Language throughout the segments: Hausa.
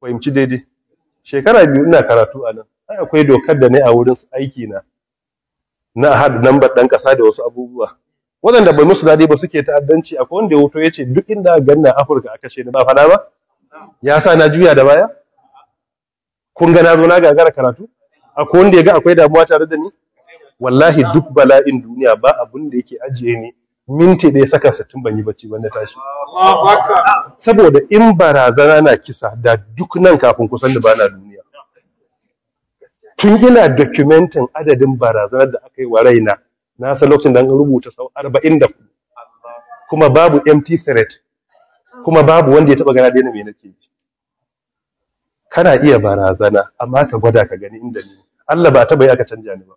fahimci daidai shekara biyu ina karatu a nan ai akwai dokar da ne a wurin aiki na na had lambar dan kasa da wasu abubuwa waɗanda bai musu daɗi ba suke ta'addanci akwai wanda ya wuto ya ce duk inda ganna afirka aka ce ba fada ba ya sa na juya da baya kun ga na zo na gagara karatu akwai wanda ya ga akwai damuwa tare da ni wallahi duk bala'in duniya ba abun da yake ajiye ni minti ɗaya saka sittin ban yi bacci ban na tashi saboda in barazana na kisa da duk nan kafin kusan da bana duniya tun ina dokumentin adadin barazanar da aka yi wa raina na san lokacin da an rubuta sau arba'in da kuma babu empty threat kuma babu wanda ya taɓa gana daina mai nake yi. kana iya barazana amma ka gwada ka gani inda ne Allah ba taɓa yi aka canja ni ba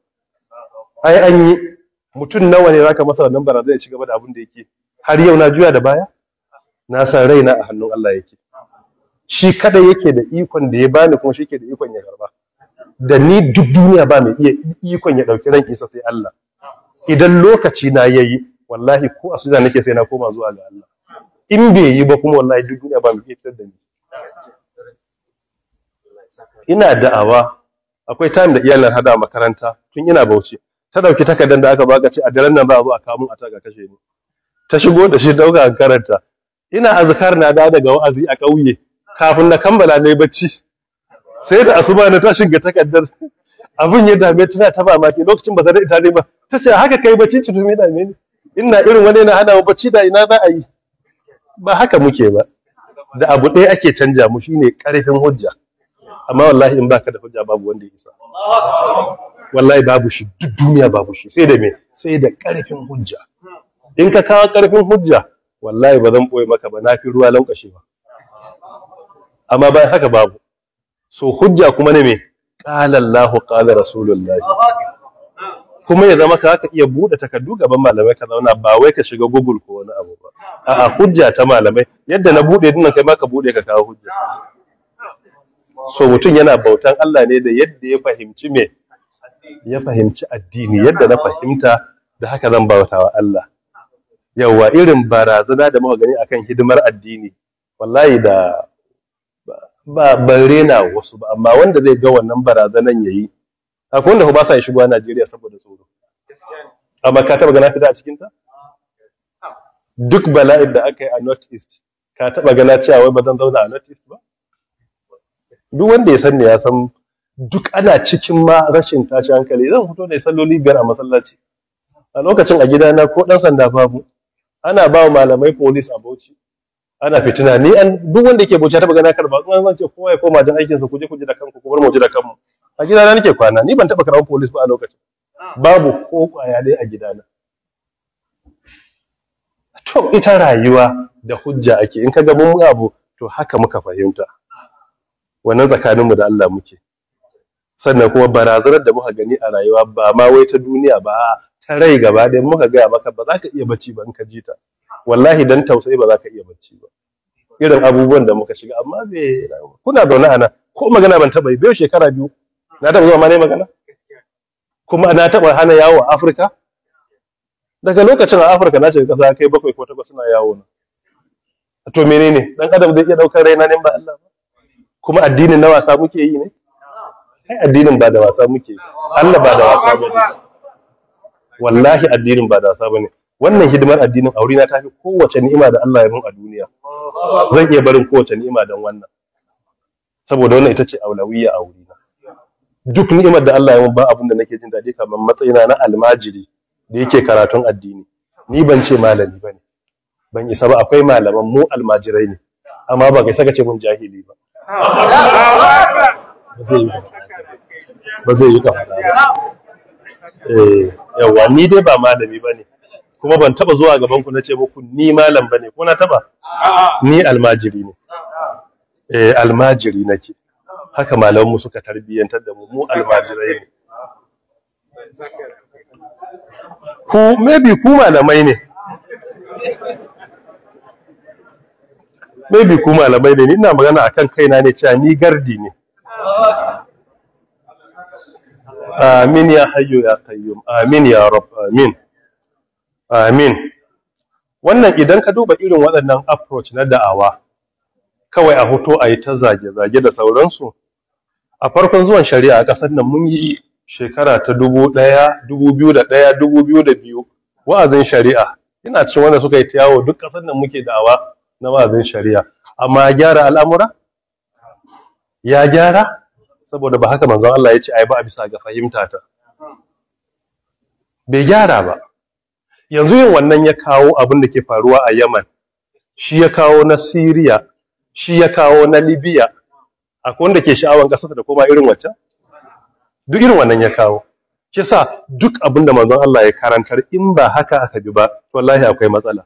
ai an yi mutum nawa ne zaka masa wannan barazana ya ci gaba da abin da yake har yau na juya da baya na san raina a hannun Allah yake shi kada yake da ikon da ya bani kuma shi yake da ikon ya karba da ni duk duniya ba mai iya ikon ya dauki ran isa sai Allah idan lokaci na yayi wallahi ko asuda nake sai na koma zuwa ga Allah in bai yi ba kuma wallahi duk duniya ba mai iya fitar da ni ina da'awa akwai time da iyalan hada makaranta tun ina bauchi ta ɗauki takardar da aka baka ce a daren nan ba abu a kamun a taga kashe ni ta shigo da shi ɗauka a karanta ina azkar na da daga wa'azi a ƙauye kafin na kammala na bacci sai da asuba na tashin ga takardar abin ya dame tana ta maki lokacin ba ita ne ba ta ce haka kai bacci ci tumi dame ni ina irin wani na hana bacci da ina za a yi ba haka muke ba da abu ɗaya ake canja mu shine ƙarfin hujja amma wallahi in baka da hujja babu wanda ya isa wallahi babu shi duk duniya babu shi sai da me sai da karfin hujja in ka kawo karfin hujja wallahi ba zan boye maka ba na fi ruwa laukashe ba amma bayan haka babu so hujja kuma ne me qala Allahu qala rasulullahi kuma ya zama ka iya buɗe takardu gaban malamai ka zauna ba wai ka shiga google ko wani abu ba a'a hujja ta malamai yadda na buɗe dinnan kai ma ka buɗe ka kawo hujja so mutum yana bautan Allah ne da yadda ya fahimci me ya fahimci addini yadda na fahimta da haka zan bautawa Allah yawa irin barazana da muka gani akan hidimar addini wallahi da ba ban rena wasu ba amma wanda zai ga wannan barazanan yayi akwai wanda ba sa shigo a Najeriya saboda tsoro amma ka taba gana fita a cikin ta duk bala'in da aka yi a North East ka taba gana cewa wai ba zan zauna a North East ba duk wanda ya san ne ya san duk ana cikin ma rashin tashi hankali zan fito ne salloli biyar a masallaci a lokacin a gidana ko dan sanda babu ana ba malamai police a Bauchi ana fitina ni an duk wanda yake Bauchi ta magana karba in zan ce kowa ya koma jin aikin sa kuje kuje ku da kanku ku bar mu da kanmu a gidana nake kwana ni ban taba karban police ba a lokacin babu ko kwaya dai a gidana to ita rayuwa da hujja ake in ka ga mun abu to haka muka fahimta wannan tsakaninmu da Allah muke sannan kuma barazanar da muka gani a rayuwa ba ma wai ta duniya ba ta rai gaba ɗaya muka gaya maka ba za ka iya bacci ba in ka ji ta wallahi dan tausayi ba za ka iya bacci ba irin abubuwan da muka shiga amma bai kuna zaune a nan ko magana ban taɓa yi bai shekara biyu na taɓa zuwa ma ne magana kuma na taɓa hana yawo a Afirka daga lokacin a Afirka na shiga ƙasa kai bakwai ko takwas suna yawo na to menene dan adam zai iya ɗaukar raina ne ba Allah ba kuma addinin na wasa muke yi ne kai addinin ba da wasa muke yi. Allah ba da wasa ba ne. wallahi addinin ba da wasa ba ne. wannan hidimar addinin aure ta fi kowace ni'ima da Allah ya mun a duniya zan iya barin kowace ni'ima don wannan saboda wannan ita ce aulawiyya a wurina duk ni'imar da Allah ya mun ba abin da nake jin daɗi kamar matsayina na almajiri da yake karatun addini ni ban ce malami ba ne. ban isa ba akwai malaman mu almajirai ne amma ba kai saka ce mun jahili ba ba eh, ni dai ba malami ba ne kuma ban taba zuwa gaban ku na ce muku ni malam ba ko na taba ni almajiri ne eh almajiri nake haka malaman mu suka tarbiyyantar da mu mu almajirai ne ku maybe ku malamai ne maybe ku malamai ni? ina magana akan kaina ne cewa ni gardi ne amin ya hayyu ya qayyum amin ya rab amin amin wannan idan ka duba irin waɗannan approach na da'awa kawai a hoto a yi ta zage-zage da sauransu a farkon zuwan shari'a a ƙasar nan mun yi shekara ta dubu ɗaya dubu biyu da ɗaya dubu biyu da biyu wa'azin shari'a ina cikin wanda suka yi ta yawo duk ƙasar nan muke da'awa na wa'azin shari'a amma ya gyara al'amura ya gyara saboda ba haka manzon Allah ya ce ai ba a bisa ga fahimta ta bai gyara ba yanzu yin wannan ya kawo abin da ke faruwa a Yaman shi ya kawo na Syria shi ya kawo na Libya akwai wanda ke sha'awan ƙasarsa da koma irin wacce duk irin wannan ya kawo Kisa duk abin da manzon Allah ya karantar in ba haka aka bi ba wallahi akwai matsala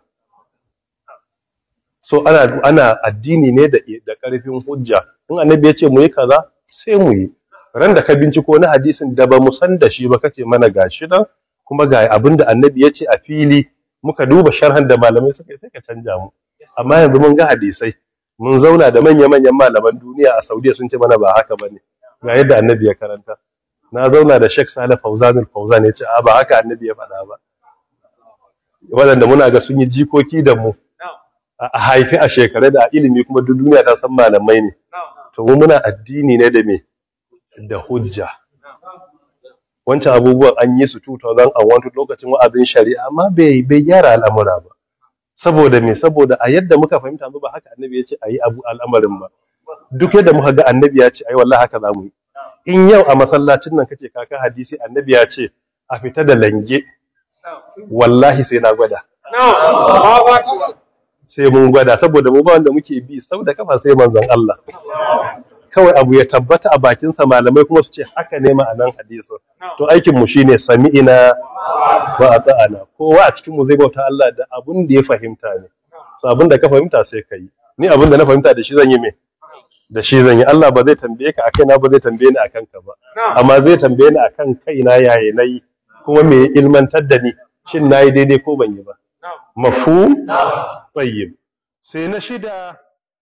so ana ana addini ne da da karfin hujja in annabi ya ce mu yi kaza sai mu yi ran da ka binciko na hadisin da ba mu san da shi ba kace mana gashi nan kuma ga abin da annabi ya ce a fili muka duba sharhan da malamai suka yi sai ka canja mu amma yanzu mun ga hadisai mun zauna da manya-manyan malaman duniya a saudiya sun ce mana ba haka ba ne ga yadda annabi ya karanta na zauna da sheikh salih fauzan fauzan ya ce a ba haka annabi ya faɗa ba waɗanda muna ga sun yi jikoki da mu a haifi a shekarai da a ilimi kuma duk duniya ta san malamai ne to mu muna addini ne da me da hujja wancan abubuwan an yi su 2001 lokacin wa'azin shari'a amma bai bai gyara al'amura ba saboda me saboda a yadda muka fahimta mu ba haka annabi ya ce a yi abu al'amarin ba duk yadda muka ga annabi ya ce ai wallahi haka za mu yi in yau a masallacin nan kace kaka hadisi annabi ya ce a fita da lange wallahi sai na gwada sai mun gwada saboda mu ba wanda muke bi sau da kafa sai manzon Allah kawai abu ya tabbata a bakin sa malamai kuma su ce haka ne ma'anan hadisi to aikin mu shine sami'ina wa ata'ana kowa a cikin mu zai bauta Allah da abun da ya fahimta ne so abun da ka fahimta sai ka ni abun da na fahimta da shi zan yi me da shi zan yi Allah ba zai tambaye ka akai na ba zai tambaye ni akan ka ba amma zai tambaye ni akan kaina yaya nayi kuma me ilmantar da ni shin nayi daidai ko ban yi ba mafhum tayyib sai na shida